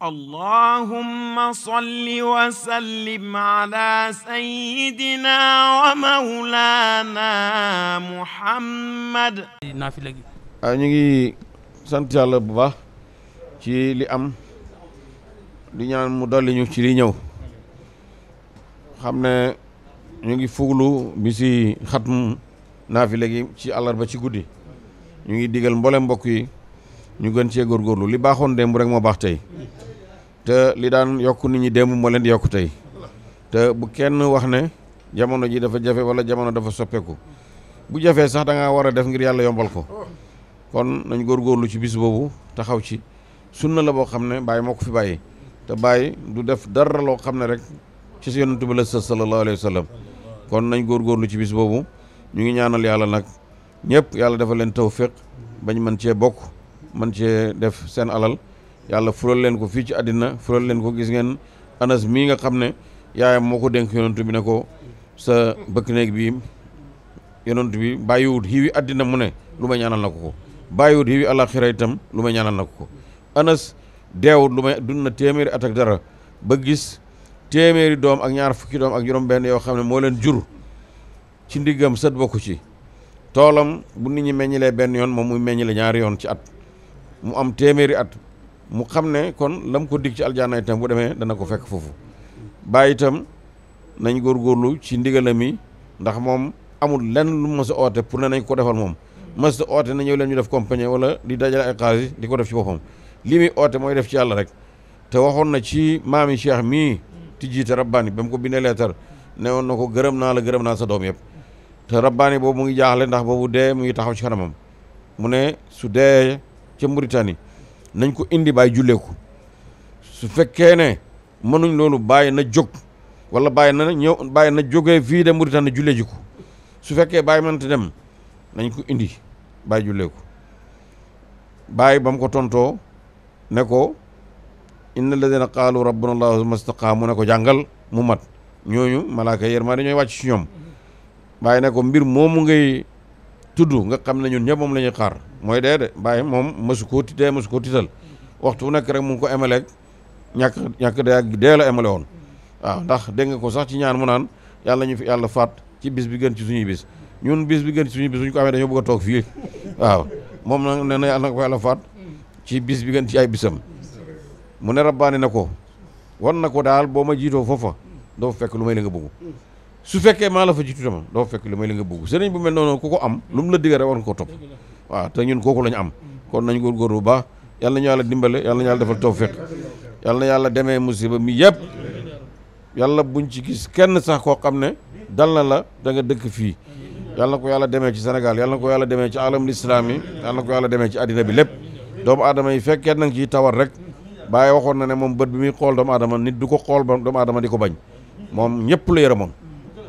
اللهم صل وسلم على سيدنا ومولانا محمد naa fi ngi sant bu baax ci li am di ñaan mu dolli ci li ñëw xam ne ñu ngi fuglu bi si xatm naa fi léegi ci àllarba ci guddi ñu ngi digal mboole mbokk yi ñu gën cee góorgóorlu li baaxoon démb rek moo baax tey te li daan yokk nit ñi démb moo leen di yokk tey te bu kenn wax ne jamono ji dafa jafe wala jamono dafa soppeeku bu jafee sax da ngaa war a def ngir yàlla yombal ko kon nañ góorlu ci bis boobu te xaw ci sunna la boo xam ne bàyyi moo ko fi bàyyi te bàyyi du def dara loo xam ne rek ci si yonentu bi la sa sallallahu alayhi wa kon nañ góorgóorlu ci bis boobu ñu ngi ñaanal yàlla nag ñëpp yàlla dafa leen tawfiq bañ mën cee bokk mën cee def seen alal yàlla fulal leen ko fii ci àddina fulal leen ko gis ngeen anas mii nga xam ne yaayam moo ko dénk yonent bi ne ko sa bëkk néeg bi yonent bi bàyyiwut xiiwi àddina mu ne lu may ñaanal na ko ko bàyyiwut xiiwi alaxira itam lu may ñaanal na ko ko anas deewut lu may dund téeméeri at ak dara ba gis téeméeri doom ak ñaar fukki doom ak juróom-benn yoo xam ne moo leen jur ci ndiggam sët bokku ci toolam bu nit ñi meññilee benn yoon moom muy meññile ñaari yoon ci at mu am téeméeri at mu xam ne kon lam ko dig ci aljanna itam bu demee dana ko fekk foofu bàyyi itam nañ góorlu ci ndigalam yi ndax moom amul lenn lu mës a oote pour ne nañ ko defal moom mës a oote na ñëw leen ñu def compagnie wala di dajale ay xaalis di ko def ci boppam li muy oote mooy def ci yàlla rek te waxoon na ci maami cheikh mii ti jiite rabbaani ba mu ko bindee leetar ne woon na ko gërëm naa la gërëm naa sa doom yëpp te rabbaani boobu mu ngi jaaxle ndax boobu dee mu ngi taxaw ci kanamam mu ne su dee ca Mauritanie nañ ko indi bàyyi jullee ko su fekkee ne mënuñ loolu bàyyi na jóg wala bàyyi na ñëw bàyyi na jógee fii de na jullee ji ko su fekkee bàyyi mënta dem nañ ko indi bàyyi jullee ko bàyyi ba ko tontoo ne ko inna alladina qaalu rabbuna allah summa istaqaamu ne ko jàngal mu mat ñooñu malaaka yërmaa dañooy wàcc ci ñoom bàyyi ne mbir moomu ngay tudd nga xam ne ñun ñëpp moom la ñuy xaar mooy dee de bàyyi moom mësu koo dee mësu koo tiital waxtu bu nekk rek mu ngi ko emaleeg ñàkk ñàkk dee ak dee la emale woon waaw ndax dégg nga ko sax ci ñaan mu naan yàlla ñu fi yàlla faat ci bis bi gën ci suñuy bis ñun bis bi gën ci suñuy bis suñu ko a toog fii waaw moom nag nee na yàlla na ko yàlla faat ci bi gën ci ay bisam mu ne rabbaani na ko wan na ko daal boo ma jiitoo foofa doo fekk lu may li nga bëgg su fekkee maa la fa jiitu moom doo fekk lu may li nga bëgg sëriñ bu mel noonu ku ko am lu mu la digga rek war ko topp waaw te ñun kooku lañu am kon nañ góor bu baax yàlla nañu yàlla dimbale yàlla nañu defal tawfeex yàlla na yàlla demee musiba mi yëpp yàlla buñ ci gis kenn sax koo xam ne dal na la da nga dëkk fii yàlla na ko yàlla demee ci Sénégal yàlla na ko yàlla demee ci alamul islam yi yàlla na ko yàlla demee ci àddina bi lépp doomu adama yi fekkee nanga ciy tawar rek bàyyi waxoon na ne moom bët bi muy xool doomu aadama nit du ko xool ba doomu di ko bañ moom ñëpp la yërëmoon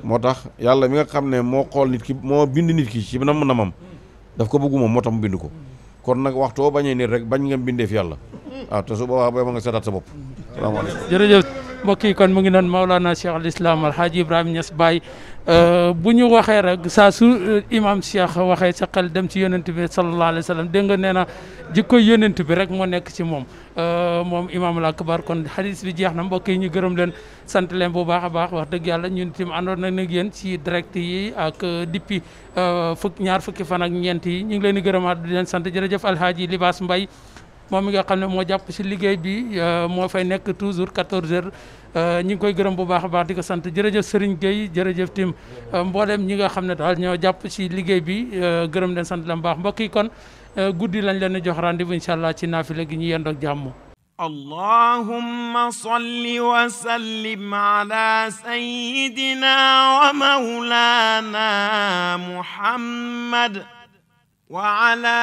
moo tax yàlla mi nga xam ne moo xool nit ki moo bind nit ki ci nam namam daf ko bëgg moom moo tax mu bind ko kon nag waxtoo bañee nit rek bañ nga fi yàlla mm. waaw te su boobaa booy ma nga seetaat sa bopp mm. salaamaaleykum jërëjëf mbokk yi kon mu ngi noon Maulana Cheikh al Islam Al Hadj Ibrahima Niass Baye euh, bu ñu waxee rek saa su euh, imam Cheikh waxee sa xel dem ci yonent bi sallallahu alayhi dégg nga nee na jikko yonent bi rek moo nekk ci moom euh, moom imam al akbar kon xadis bi jeex na mbokk yi ñu gërëm leen sant leen bu baax a baax wax dëgg yàlla ñun tim àndoon nañ ak yéen ci direct yi ak depuis fukk ñaar fukki fan ak ñeent yi ñu ngi leen di gërëmaat di leen sant jërëjëf Al Hadj Libaas mbay moom mi nga xam ne moo jàpp si liggéey bi euh, moo fay nekk toujours 14 heures euh, ñi ngi koy gërëm bu baax a baax di ko sant jërëjëf Serigne Gueye jërëjëf tim euh, mboolem ñi nga xam ne daal ñoo jàpp si liggéey bi gërëm leen sant leen baax mbokk yi kon guddi lañ leen di jox rendez-vous incha allah ci naafila gi ñu yendoog jàmm allahumma salli wa sallim ala wa mawlana muhammad وعلى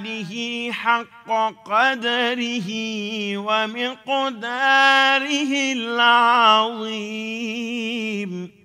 آله حق قدره ومقداره العظيم